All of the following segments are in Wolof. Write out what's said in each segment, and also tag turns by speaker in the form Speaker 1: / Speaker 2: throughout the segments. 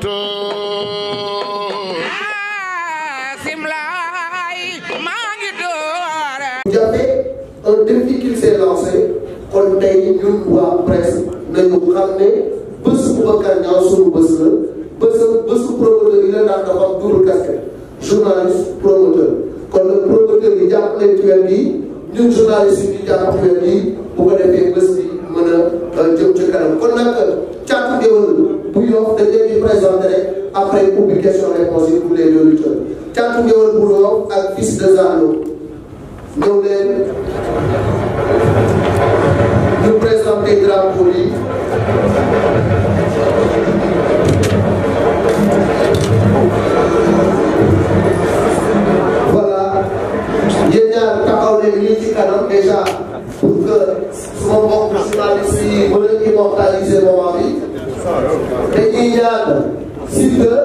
Speaker 1: tóor Xaasim Laay kon tey ñun waa presse nañu xam ne bés bu Bakar Niang suñu bés la bésam bésu promoteur yi la daan dafa am duuru casquette journaliste promoteur kon promoteur yi jàpp nañ ci wet ñun journaliste yi ñu jàpp ci bu ko defee bés bi mën a euh, jëm ci kanam kon nag càkk déwén bu Yoff dañ leen di présenté rek après ubbi question réponse yi pour les deux lutteurs càttu ngéwél bu Yoff ak fils de Zalo ñëw leen ñu présenté drapeau yi voilà yéen ñaar taxaw leen lii ci kanam pour que su ma mbokk journaliste yi mën a immortaliser moment dañuy ñaan Siteu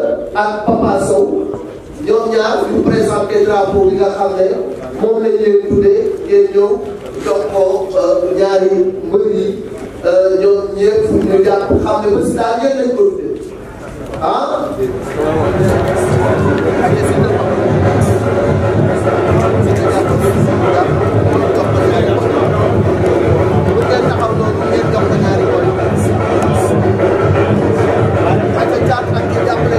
Speaker 1: ak Papa Sow ñoom ñaar ñu présenté drapeau bi nga xam ne moom lañ leen tuddee ngeen ñëw jox ko euh, ñaari mbër yi euh, ñoom ñëpp ñu jàpp xam ne ba si daal yéen lañ ko tuddee ah.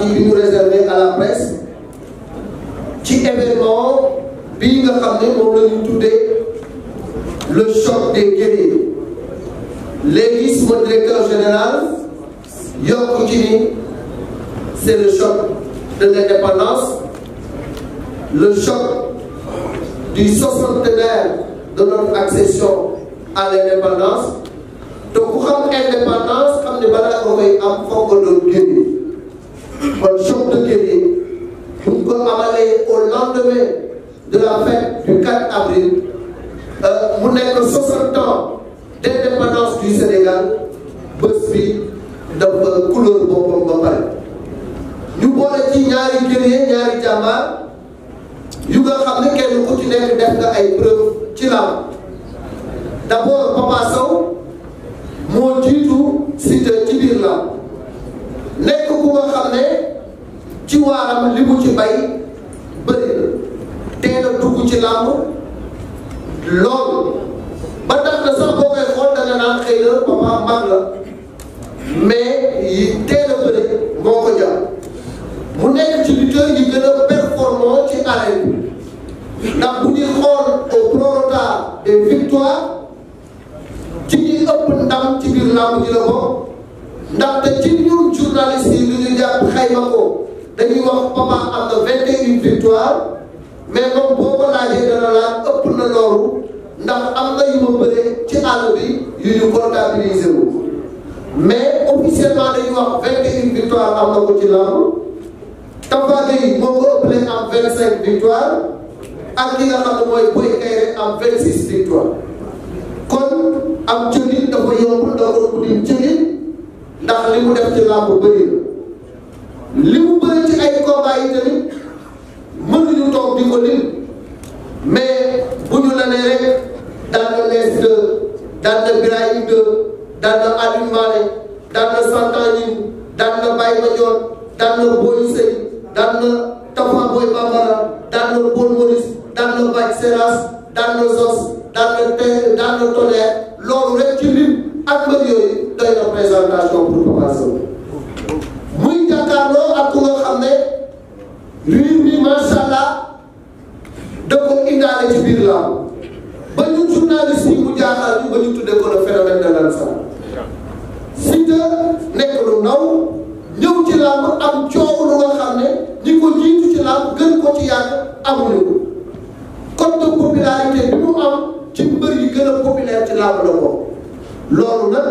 Speaker 1: partie bi réservé à la presse ci événement bii nga xam ne moom la ñu tuddee le choc des guerriers léegi suma directeur général yokk ci c'est le choc de l'indépendance le choc du soixantenaire de notre accession à l'indépendance te ku xam indépendance xam ne balaa nga koy kon choc de cœur yi bu ñu ko amalee au lendemain de la fête du 4 avril euh, mu nekk 60 ans d' indépendance du Sénégal bés bi dafa couleur boppam ba pare ñu boole ci ñaari guerrier ñaari jàmbaar yu nga xam ne kenn ku nekk def nga ay preuve ci làmb d' abord moo jiitu Siteu ci biir làmb nekk ku nga xam ne ci waaram li mu ci bay bëri na teel a dugg ci làmb loolu ba tax na sax boo koy xool dana naan xëy na papa mag la mais yi teel bëri moo ko jàpp mu nekk ci lutteur yi gën a performant ci arène ndax bu ñuy xool au prorata des ci ñi ëpp ndam ci biir làmb ji la bokk ndaxte ci ñun journaliste yi lu ñu jàpp xayma ko dañuy wax Papa am na vingt une victoire mais moom boo ko laajee dana laaj ëpp na ndax am na yu ma bëree ci àll bi yu ñu comptabiliser wu mais officiellement dañuy wax vingt et une victoire am na ko ci làmb Tapha Gueye moo ko ëppale am vingt cinq victoire ak li nga xam mooy Boy Kayré am vingt six victoire kon am cëgin dafa yomb dafa ëpp di cëgin ndax li mu def ci làmb bëri li mu bëri ci ay combat yi tamit mënuñu toog di ko lim mais bu ñu la nee rek daan na lees daan na Birahim de daan na Alioune daan na Santangine daan na Baye Mandione daan na Boy Sey daan na Tafa Boy Bambara daan na Paul Maurice daan na Bac Seras daan na Zos daan na Té daan na Tonnerre loolu rek ci lim. ak mbër yooyu doy na présentation pour Papa ak ku nga xam ne luy ni macha da ko indaale ci biir laaw ba ñun journaliste yi mu jaaxal ñu ba ñu tuddee ko le phénomène de l'ensemble Siteu nekk lu ndaw ñëw ci làmb am coow lu nga xam ne ñi ko jiitu ci làmb gën ko ci yàgg amuñu ko cote de popularité bi mu am ci mbër gën a populaire ci làmb la ko loolu nag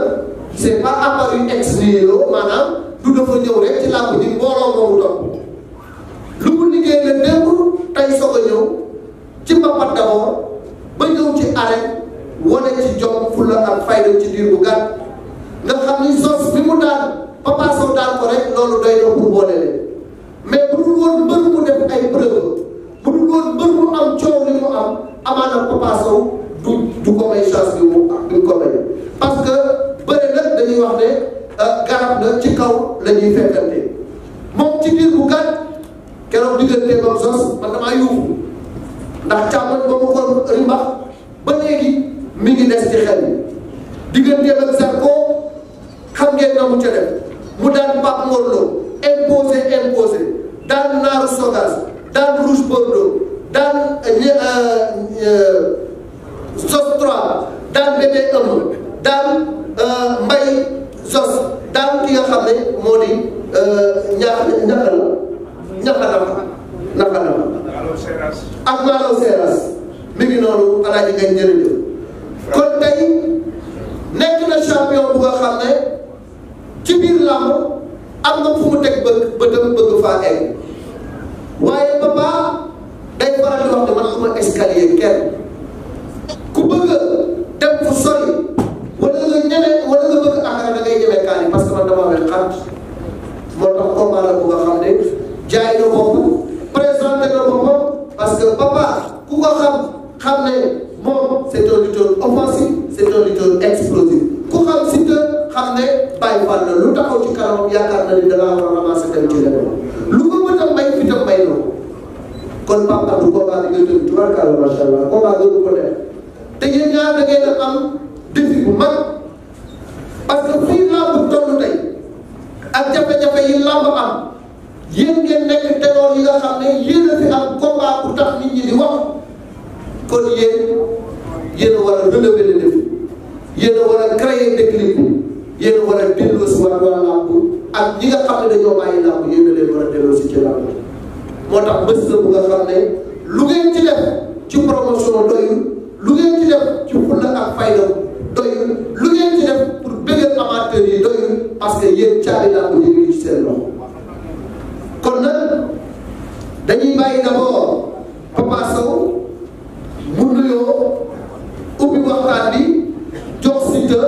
Speaker 1: c'est pas apparu ex nihilo maanaam du dafa ñëw rek ci làmb ji mbooloo moomu topp lu mu liggéey la démb tey soog a ñëw ci mbapat d'abord ba ñëw ci arène wane ci jom fulla ak fayda ci diir bu gàtt nga xam ni sos bi mu daan Papa Sow ko rek loolu doy na boole leen mais bu dul woon mbër mu def ay preuve bu dul woon mbër mu am coow li mu am amaana Papa du du ko may chance bi mu duñ ko may parce que bëri nag dañuy wax ne euh, garab la ci kaw la ñuy fekkante moom ci biir bu gàtt keroog diggante bam sos man damaa yuuxu ndax càmmoñ ba mu kon rimbax ba léegi mi ngi des ci xel yi diggante ak Zarko xam ngeen na mu ca def mu daan Pape Mor Lo imposé imposé daan Naaru Sogas sos 3 daan bébé ëmb daan euh, mbay sos daan ki nga xam ne moo di euh, ñaax ñaxal ñaxalam ñaxalam ak maanaam seeraas mi ngi noonu alaaji ngay jërëjëf kon tey nekk na champion bu nga xam ne ci biir làmb am na fu mu teg bëgg bëtam bëgg faa egg waaye papa day faral di wax ne man xuma escalier kenn bëgg a dem fu sori wala nga ñeme wala nga bëgg ngay ñeme kaani parce que man damaa mel xarit moo tax combat la bu nga xam ne jaay na bopp présenté na boppam parce que papa ku ko xam xam ne moom c' est un lutteur offensif c' est un lutteur explosif ku xam si te xam ne bàyyi fan la lu taxaw ci kanamam yaakaar na ni da ngaa war a ramassé dem ci leneen lu ko mën a may fi tam may noonu kon papa du combat bi nga jëm tubarkalla macha allah combat dootu ko te yéen ñaar da ngeen a am défi mag parce que fii làmb toll ak jafe-jafe yi làmb am yéen ngeen nekk teloor yi nga xam ne yéen a fi am combat bu tax nit ñi di wax kon yéen yéen a war a relever le a war a créer déclic yéen a war a ak ñi nga xam ne dañoo bàyyi làmb yéen a leen delloosi ci làmb moo tax bés la bu nga xam ne lu ngeen ci def ci promotion lu ngeen ci def ci fulla ak fayda doyul lu ngeen ci def pour bëggal amateur yi doyul parce que yéen caabi laa ko jëlee ci seen loxo kon nag dañuy bàyyi d'abord Papa Sow mu nuyoo ubbi waxtaan bi jox si te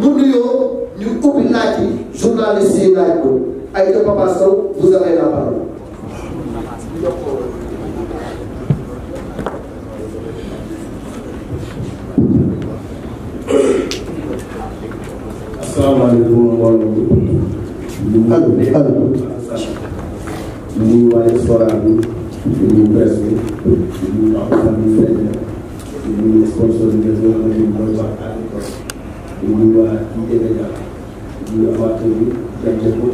Speaker 1: mu nuyoo ñu ubbi laaj yi journaliste yi laaj ko ay Papa Sow vous avez la parole.
Speaker 2: salaamaaleykum mbooloo mi ak ak ñuy waa restaurant bi ñuy presse bi ñuy wax famille Sénégal ñuy sponsor bi nga xam ne ñu koy wax Alicorp ñuy waa IDEA ñuy waa kër gi jaajëf ko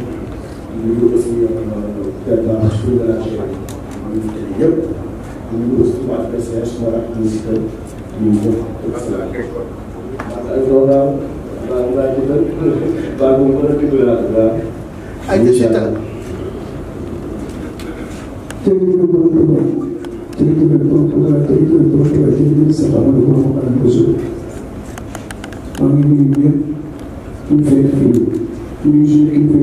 Speaker 2: ñuy aussi permanence sur la chaîne ñuy tëdd yëpp ñuy aussi waa PCH wala ministère ñu ko. waaw moom na dugg laa waaw. ayca si taal. jërëjëf borom Touba jërëjëf borom Touba jërëjëf borom Touba jërëjëf Samba Amadou borom Amadou Boussou. maa ngi nuyu ñëpp ñu fay fii ñu ngi suñu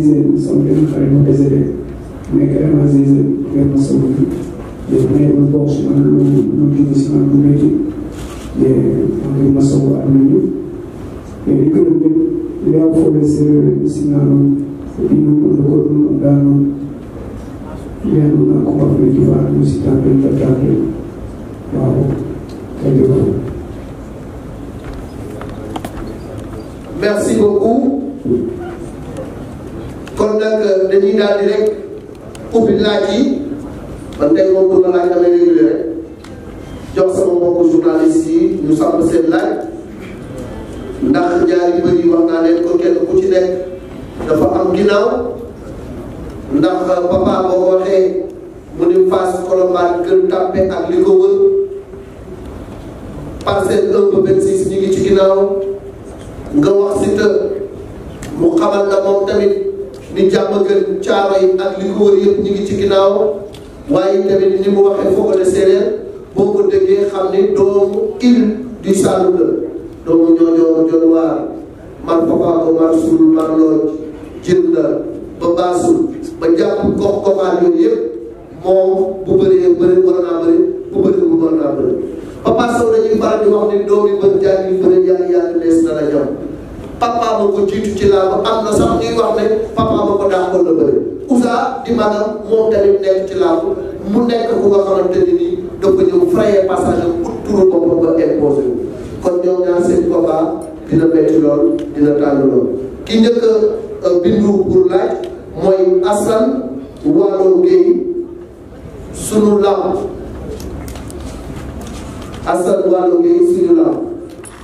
Speaker 2: seen sama benn xarit mu décédé mais vraiment Zize vraiment sama kii mais mais lu bokk si man lu lu jóge si man lu métti mais wax dëgg ma soog a am nañu mais li gën a bépp li nga foogee séeréer si naanu bi ñu mën ko daanu mais mën naa ko wax ne di waa ñu si tàmbali ba tàmbali waaw kay
Speaker 1: Merci beaucoup. nag dañuy daal di rek ubbi laaj yi man tey moom pour la laaj damay réguler rek jox sama mbokku journaliste yi ñu sàmm seen laaj ndax ñaari mbër yi wax naa leen ko kenn ku ci nekk dafa am ginnaaw ndax papa boo waxee mu ni Fass Colobane Gueule Tapée ak li ko wër parcelle 1 ba 26 ñu ngi ci ginnaaw nga wax si te mu xamal na moom tamit. ni jàmm gën caaro yi ak li ko ñu ngi ci ginnaaw waaye tamit ni mu waxee Fokone séeréer boo ko déggee xam ni doomu il di Saloum la doomu ñooñoo jon man Papa Omar Soul man looj ba baasul ba jàpp gox goxaan yooyu moom bu bëree bëri war bu bëri bu war naa bëri dañuy faral di wax ni doomi bër jàngi bëri yàgg yàgg lees na la ñoom papa ma ko jiitu ci làmb am na sax ñuy wax ne papa ko daax la bëri Ousa di maanaam moom tamit nekk ci làmb mu nekk ku nga xamante ne nii da ko ñëw frayer passage am ut turu boppam ba imposé kon ñoom ñaar seen combat dina metti lool dina tàng lool ki njëkk bindu pour laaj mooy Assane Waalo Gueye sunu làmb Assane Waalo Gueye sunu làmb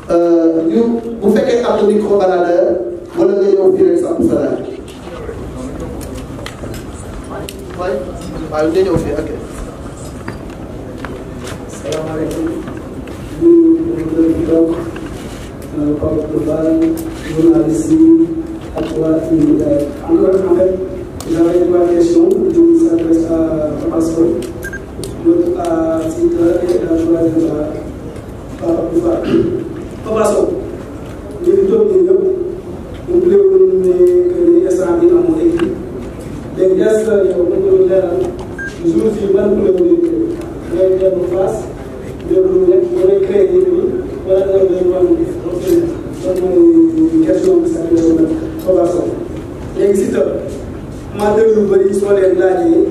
Speaker 1: Euh, ñu bu fekkee am na micro baladeur wala nga ñëw fii rek sax sa laaj. waay waaw nga ñëw fii ok. salaamaaleykum. ñu ngi leen di toog Pape Abdoulaye journaliste yi ak waa Sénégal yi. am
Speaker 2: na en fait j'avais trois questions donc ça s'adresse à Papa Sow l'autre à Sita et à Joël Pape Abdoulaye. Papa Sow ñu ngi toog ñun ñëpp ñu ngi leen ne que instant bii amoon nañu kii léegi est-ce que yow mën nga doon leeral jour bi ban kuréel ngay jël ngay dem face dem lu nekk ba ngay créé yéen ñi wala da nga doon wàllu donc mooy question bi sax yow nag Papa Sow léegi si tam maa déglu lu bëri soo leen laajee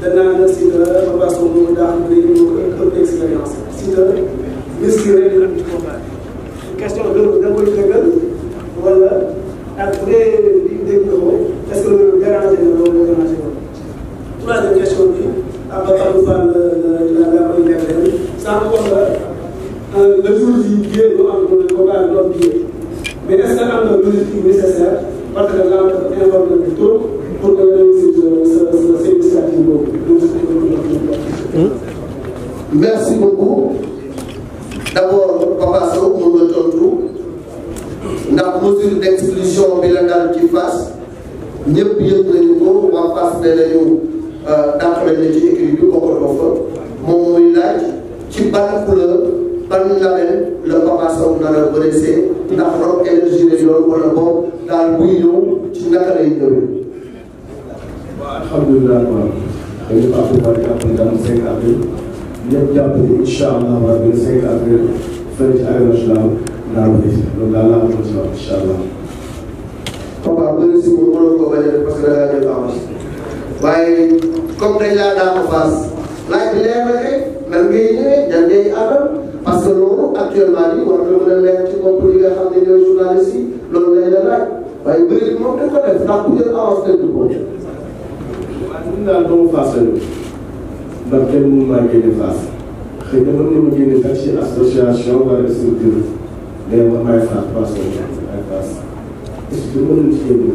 Speaker 2: danaa na si la Papa Sow moom daa am lu ñu ko expérience si tam risque rek la ko question loolu da nga koy dëggal wala ak bu dee li dégg nga ko est-ce que loolu dérangé na loolu dérangé na troisième question bi Ababacar Fall la la koy leeral sànq wax nga le jour bi jiyee lu am lu ko baax doon jiyee mais est-ce que am na logistique nécessaire parce que la informé bi trop pour que nga réussir sa sa sa initiative boobu. Hmm? merci beaucoup. d' abord mën nga tontu ndax mesure d'
Speaker 1: exclusion bi la dal ci Fass ñëpp yëg nañu waa Fass nee nañu euh, dàq nañu ci écrit bi bokkatoo fa moom muy laaj ci ban couleur ban label la Papa Sow nar a bëreesee ndax rock énergie la yoon wala boobu daal buy ñëw
Speaker 2: alhamdulilah waaw dañu fàttali wàllu at mi daal ñëpp jàpp ni incha allah rabbi 5 avril fële ci arène nationale daa bëri loolu daal laa mën a incha allah.
Speaker 1: papa bëri si moom mënoon ko bañ a def parce que da ngaa jël avance waaye comme dañ laa daan avance laaj bi leer na rek nan ngay ñëwee nan ngay àndal parce que loolu actuellement nii war na mën a leer ci bopp yi nga xam ne ñooy journaliste yi loolu lay la laaj waaye bëri moom dañ ko def ndax ku jël avance dañ
Speaker 2: ko. waaw ñun daal doomu Fass la man kenn mënu maa génne Fass xëy na mën nga ma génne sax ci association wala structure mais man maay Fass Fass ay Fass est-ce que mën nañu ci génne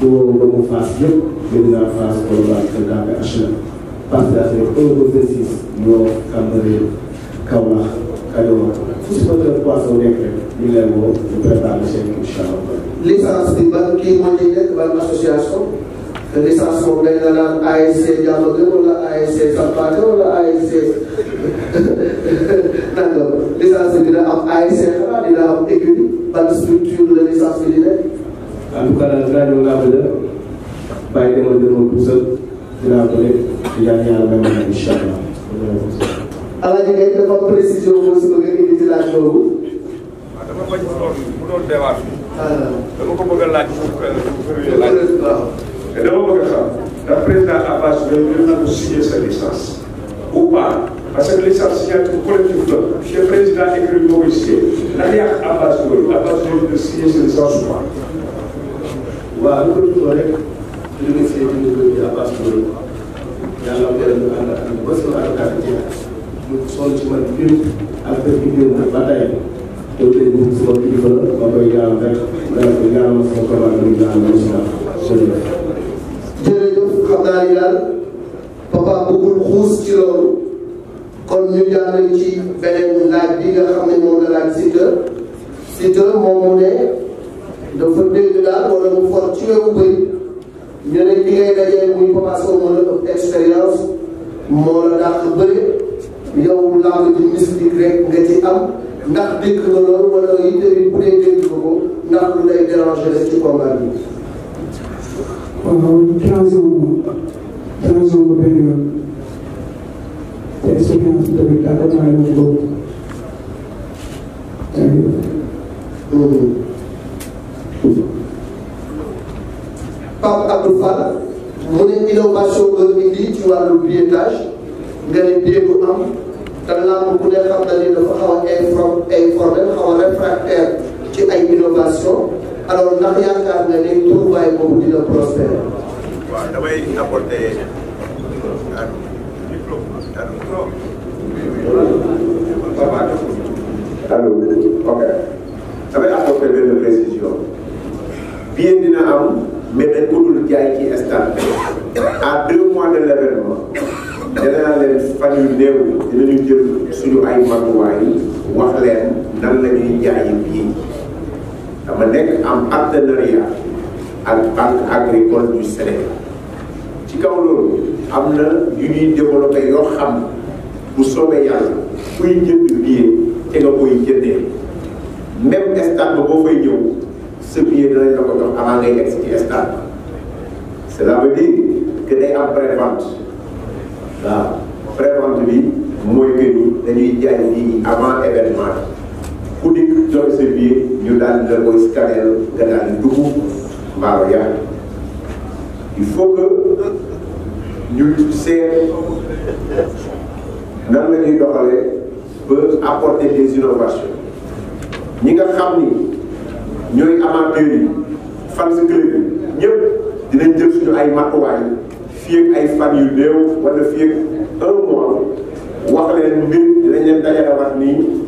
Speaker 2: boo ba mu Fass yëpp génn naa Fass Colobane te Daara HLM partagé 1 ba 26 ñoo Cambérène Kaolack Kajoor fu si bëgg poisson nekk rek ñu ngi leen woo ñu préparé seen incha allah.
Speaker 1: licence bi ban kii moo ñuy nekk ban association. licence moom day na naan ASC Diallo wala ASC Sampaate wala ASC nangam licence bi dina am ASC xanaa dina am
Speaker 2: écurie ban structure la licence bi di nekk. en tout cas daal rajo laa bëgg a bàyyi demoon demoon tout seul dinaa ko def di ñaan yàlla may ma incha allah.
Speaker 1: Alaaji Gaye dafa précision boo si bëgg a indi ci laaj boobu.
Speaker 2: waaw dama bañ mu doon mu doon débat bi. dama ko bëgg a laaj pour que. waaw. te dama bëgg a xam ndax président Abbas Mbengue ñu nangu signer sa licence ou pas parce que licence signature collective la te président écrit moo koy signé ndax yaa xam Abbas Mbengue Abbas Mbengue nga signer sa licence ou pas. waaw lu ko dundoo rek li nga siy dund dund bi Abbas Mbengue yàlla mu ñu ànd ak ba sama avocat bi mu sonn ci man biir ak kër gi biir nag ba tey doo tey ñu sama kilifa la ma koy ñaanal rek ma ne ko ñaanal sama commande bi ñaanal ma si xam naa daal papa bëggul xuus ci loolu
Speaker 1: kon ñu jàll ci beneen laaj bi nga xam ne moom la laaj Siteu Siteu moom mu ne dafa dégg daal wala mu moo la ëpp expérience moo la dàq bëri yow làmb am ndax dégg nga loolu wala yi tamit bu dee dégg nga ko ndax lu lay ci combat bi.
Speaker 2: financé wu financé wu benn yoon te expérience bi tamit accompagné wu boobu Pape Abdou
Speaker 1: Fall mu ne innovation nga indi ci wàllu billetage nga ne dégg am te làmb ku ne xam na ni dafa xaw a inform informel xaw a réfractaire ci ay innovation alors ndax yaakaar nga ne tuubaay boobu dina prospérer. waaw damay apporter ak diplôme ak non. allo
Speaker 3: ok damay apporter benn précision bien dina am mais dañ ko dul jaay ci instant à deux mois de l' événement danaa leen fan yu néew dinañu jël suñu ay matuwaay wax leen nan la ñuy jaayi bii. dama nekk en partenariat ak banque agricole du ci kaw loolu am na yu ñuy développé yoo xam bu soobee yàlla kuy jënd billet te nga koy jëndee même stade ba boo fay ñëw sa billet danañ la ko jox avant ngay egg ci stade ba cela am prévente waaw prévente bi mooy que ni dañuy jaay nit avant événement ku dikk joxe ñu daal di la koy scanner nga daal di dugg mbaaru yàq il faut que ñu seet nan la ñuy doxalee ba apporter des innovations ñi nga xam ni ñooy amateurs fan si club yi ñëpp dinañ jël suñu ay matuwaay fii ay fan yu néew wala fii ak un wax leen mbir dinañ leen dajale wax nii.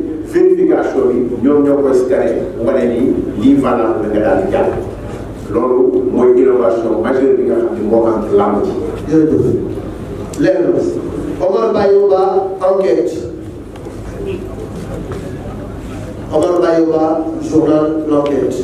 Speaker 3: vérification bi ñoom ñoo koy scanné wane ni lii valable nga daal di jàll loolu mooy innovation majeure bi nga xam ne moo am làmb ji. jërëjëf lenn
Speaker 1: Omar Bayoba enquête Omar Bayoba journal l'enquête.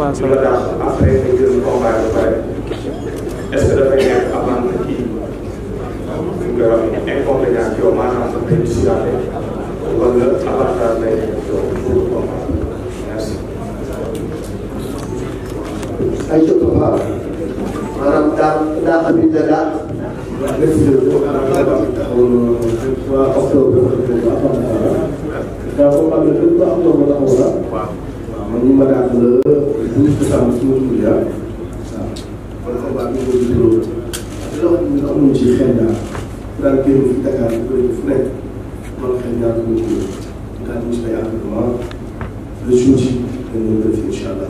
Speaker 2: waaw ça va après
Speaker 3: nga jël combat ba pare est-ce que dafay nekk avant ci nga inconvénient yow maanaam dafay dissuader wala avantage lay nekk yow pour le combat
Speaker 2: merci. ay jot a baax maanaam daa daa am une daa. le 23 octobre. daa ko am le 23 octobre la man ñu mën a am le douze décembre ci motu bi daal waaw kon xabaar ñu koy juróom loo xam ne amuñu ci xel daal daal génn fi Dakar bu bëri fu nekk man xel ñaar ko ci daal ñu say appartement le jour ji dañu def incha allah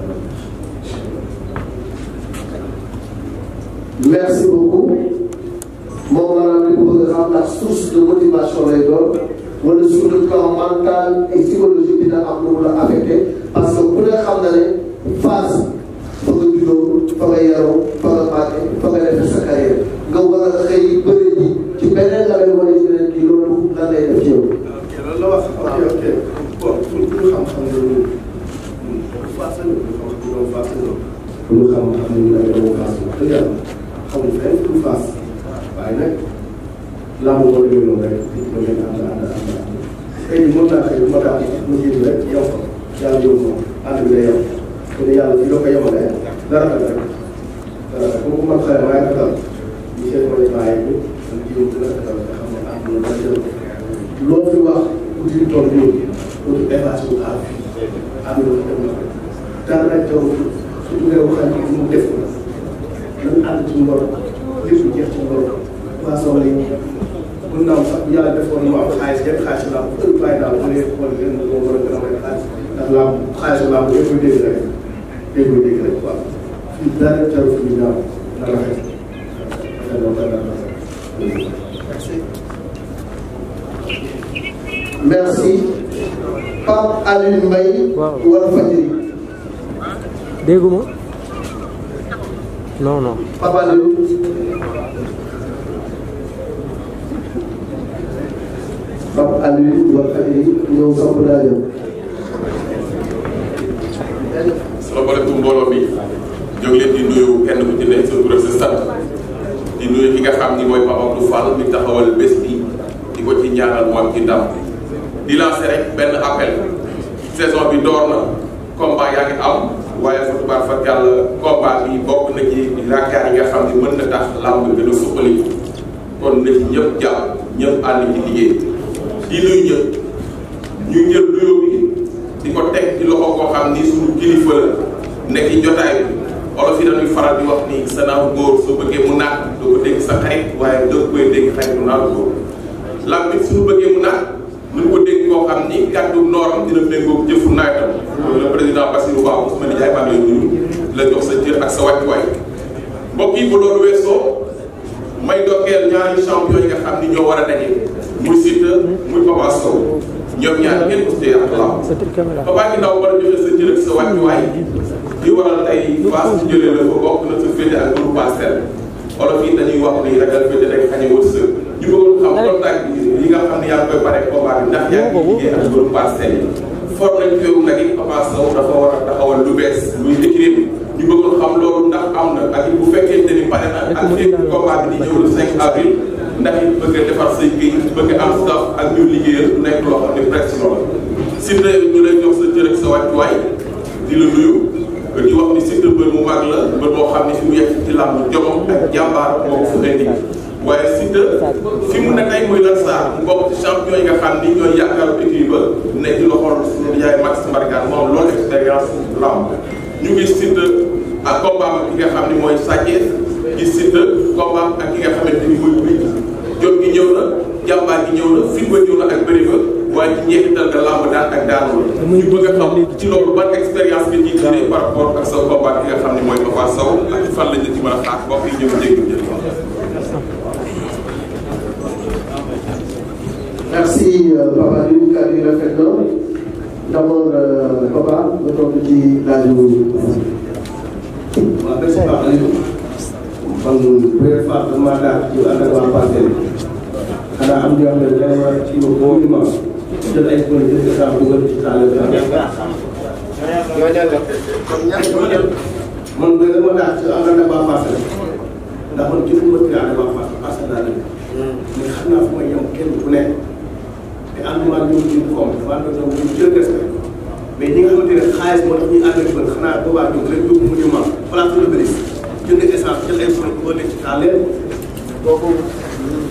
Speaker 2: merci beaucoup moom maanaam li ko bëgg a xam ndax source de motivation lay doon wala sur le plan mental et psychologique dina am lu mu la affecté parce que ku ne xam na ne phase fa nga juddoo fa nga yaroo fa nga màggee fa nga def sa carrière nga war a xëy bëri ji ci beneen la lay wane ci beneen kii loolu lan lay def ci yow. la wax ok ok bon pour xam-xam loolu faase la
Speaker 4: xam-xam ñu
Speaker 2: ne faase waaye nag làmb boobu yooyu noonu rek mën naa xëy ma daal mu rek yow yàlla jóg moom ànd bi day yem te ni yàlla fii doo ko yemalee dara rek dara rek boo ko mën xale waaye dafa dal ñu seet ko lañ bàyyi ko ak jiw bi dara dara nga xam ne ànd na dara jël loo fi wax ku ci toll ñëw pour effacé wu ànd ànd na dem na dara rek taw suñu réew xam ne mu def ko nañ ànd ci ngor lépp jeex ci ngor waa soxla yi mën naa sax yàlla defoon mu am xaalis yëpp xaalis la am heure bàyyi daal mu ne xool leen moo war a gën a may xaalis ndax làmb xaalisu làmb yëpp a dégg rek yëpp a dégg rek waaw fii dara jarul fi ñu ñaaw na rafet
Speaker 1: merci Pape Alioune Mbaye. waaw Walfadjri.
Speaker 2: dégguma. non non.
Speaker 1: Pape Alioune. Pape Alioune Walfadjri ñëw Samb
Speaker 4: salaamaaleykum mbooloo bi jóg leen di nuyu kenn ku ci nekk sa tur ak sa di nuyu ki nga xam ni mooy Papa Abdou Fall mi taxawal bés bi di ko ci ñaanal mu am ci ndam di lancer rek benn appel saison bi door na combat yaa ngi am waaye fa tubaab fa jàll combat bi bokk na ci yaakaar yi nga xam ni mën na tax làmb gën a suqali kon na ci ñëpp jàpp ñëpp ànd ci liggéey di ñëpp ñu jël nuyoo di ko teg ci loxo koo xam ni suñu kilifa nekk ci jotaay bi olof yi faral di wax ni sa naaw góor soo bëggee mu naat doo ko dégg sa xarit waaye doo koy dégg xaritu naaw góor lam bi suñu bëggee mu naat mën ko dégg la président sa cër ak sa wàccuwaay mbokk yi bu loolu weesoo may dokkeel ñaari champion yi nga xam ni ñoo war a daje muy Siteu muy Papa Sow ñoom ñaar ngeen ko tuddee ak laaw papa a joxe sa jërëjëf sa wàccuwaay li waral ak wax ni ragal féete rek ndax war a taxawal lu bees luy décret bi ñu bëggoon xam loolu ndax am na ak bu fekkente ni pare na ak combat bi di ñëw le 5 avril ndax it bëgg a defar say kii bëgg am staff ak ñu liggéeyal nekk loo xam ne pression la Siteu ñu lay jox sa cër sa wàccuwaay di la nuyu di wax ni Siteu mbër mu mag la mbër moo xam ne fi mu yegg ci làmb jomam ak jàmbaar moo ko fa indi waaye Siteu fi mu ne tey nga xam ni ñooy yaakaaru équipe ba nekk ci loxool suñu yaay Max Mbargane moo am loolu expérience ak combat nga xam ne mooy Sa Thiès gis Siteu ak ki nga xamante ni muy jom gi ñëw na jàmbaar gi ñëw na fit ba ñëw na ak bëri ba waaye ci njeexital nga làmb daan ak daanu la ñu bëgg a xam ci loolu ban expérience bi ñuy tiré par rapport ak saw combat bi nga xam ne mooy Papa Sow
Speaker 1: merci euh, Papa Alioune kàddu yi rafet na d'abord euh, Papa nga tontu ci laaj waaw
Speaker 2: merci Papa Alioune kon première fois damaa daal ci ànd ak xanaa am na yoo ci boobu ma jël ay góor yi def saa dugal ci taal bi. kon ñax ñoo dem man de dama daal ci am na damaa paase ndax man ci ma tiraan damaa paase paase naa leen. mais xam naa fu may yem kenn ku ne te am na ñu ci koom dafa am na ñu jël respect mais ñi nga xamante ne xaalis moo tax ñu ànd ak man xanaa boobaa jóg rek jóg mu ñu ma place de l'Obélisque jënd essence jël ay produits ba nekk ci taal leen kooku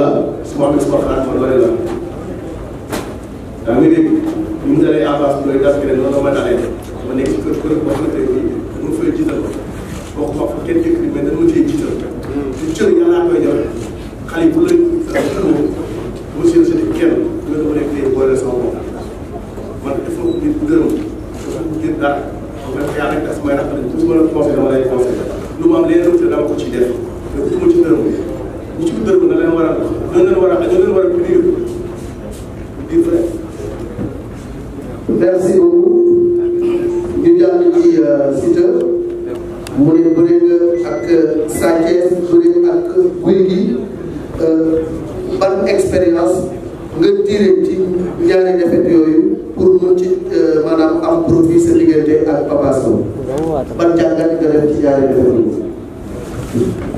Speaker 2: la sport bi sport transport loolu la. daa ngi dégg ñu mu dalee avance bu lay tas keneen noonu la ma dalee ma nekk ci kër kër boo xamante ne bii dama fay jiital ko boo ko fa kenn jëkk mais dama cee jiital ci cër yàlla laa koy joxe xale yi bu la monsieur Sëñ kenn nga dama nekk tey boole sama bopp man dafa nit dërëm dafa nit dara ba nga yaa rek tas may raxal su ma la conseil dama lay conseil lu ma am leen dama ko ci def te bu ma ci dërëm bu ci dëgg na leen war a na leen war a na leen war a dire dire vrai. merci beaucoup ñu
Speaker 1: jàll ci euh, Siteu mu ne bëri nga ak euh, Sa Thiès bëri ak Gouye Gui euh, ban expérience nga tiré ci ñaari défaite yooyu pour mën ci maanaam am profit sa diggante ak Papa Sow ban jàngat nga def ci ñaari défaite yooyu.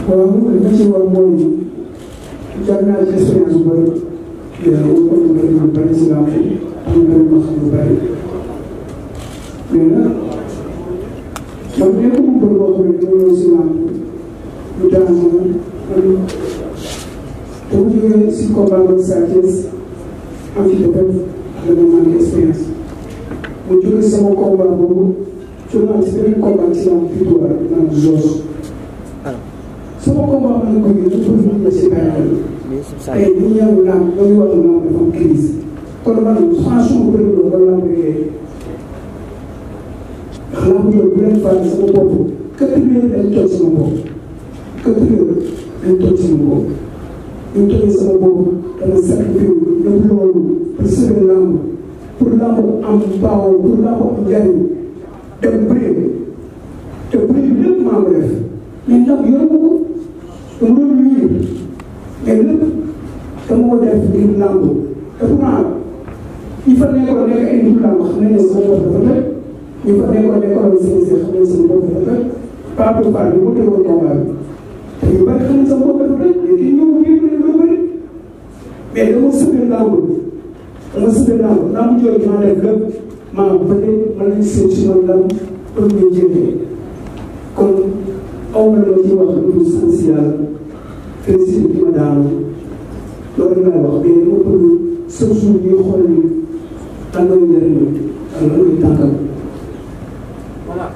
Speaker 2: waaw li ci war mooy jar naa ci expérience bu bëri wala ko bëri man bëri si laa xam am na ma xam lu bëri mais nag man lépp ku bëri boo xam ne dama ñëw si laa lu daan ma bu jógee si combat ak Sa Thiès am ci dëkk dama manqué expérience mu jógee sama combat boobu ci beneen combat ci laa am plutôt sama combat ma ne ko yëg dafa bëri na si benn tey bu ñu yeewu lamb ba ñu wax lamb dafa am crise kon man franchement bëri na loolu lamb yooyu ndax lamb yooyu bu leen fàtte sama bopp képp lu yëg dañ toog sama bopp képp lu yëg dañ toog sama bopp ñu toogee sama bopp dama sacrifié lépp loolu pour sauver lamb pour lamb am baaw pour lamb am njariñ dem bëri te bëri bi lépp maa ngi def mais ndax yoroo ko te loolu nii day lépp dama ko def ngir làmb te pourtant ñi fa nekkoon nekk ay nit làmb xam nañ ne sama bopp dafa tëj ñi fa nekkoon nekkoon seen seen xam nañ sama bopp dafa tëj Pape Fall bi mu tegoon combat bi te ñu bari xam nañ sama bopp dafa tëj mais dañ ñëw ngir ne lu bëri mais dama sëbee làmb dama sëbee làmb làmb jooju maa def lépp maa bëri ma lañ seen si man làmb pour ñu jëndee kon aw ma la ci wax lu sant yàlla félicité bi ma daanu loolu may wax mais dama bëgg chaque jour ñuy xool ni lan mooy njëriñam ak lan mooy tànkam voilà.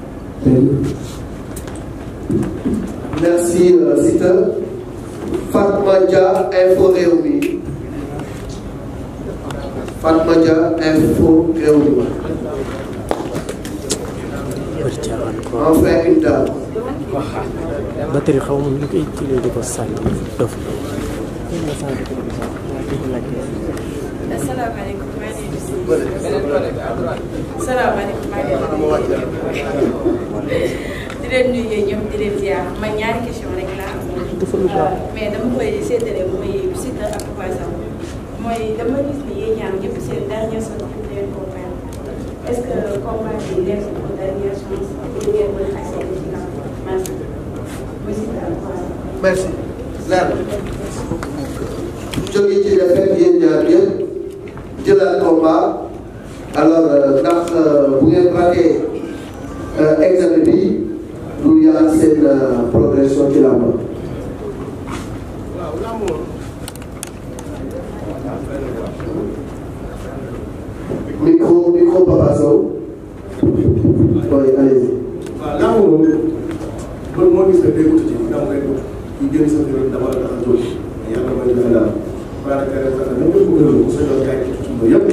Speaker 1: merci euh, Sita Fatma Dia info réew mi Fatma Dia
Speaker 2: info réew mi bari xaw ma nu koy jëlee di ko sànni dof.
Speaker 3: asalaamaaleykum
Speaker 2: maa ngi di leen nuyu ñoom di leen ziar man ñaari question rek laa am. mais dama koy seetale muy site ak poisson mooy dama gis ni yéen ñaar ñëpp seen dernier sortie est-ce que combat
Speaker 1: merci leer na jóge ci defet yéen ñaar ñëpp jëlaat combat alors euh, ndax euh, bu ngeen raté euh, examen bi lu yàq seen progression ci làmb
Speaker 2: micro micro Papa Sow doole allez-y. waaw làmb moom loolu moo gis ne day wut ci ndax mu nekk ñu génn sa kër dama la tax a jóg yàlla mooy joxe dara maanaam keroog sax na nga ko gënoon bu soobee jaay ci suñu ba yëpp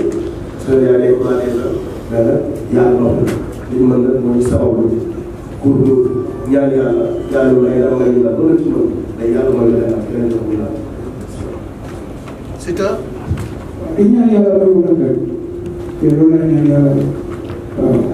Speaker 2: soo yaayee commencé na mais nag yàlla ndox la li mu mën nag mooy sababu bi pour ñaan yàlla yàlla lu ay dama ngay ñu daal loolu ci mën mais yàlla mooy joxe dara keneen jox ñu daal. c'est ça. waaw dañ ñaan yàlla loolu rek te loolu la ñaan yàlla waaw.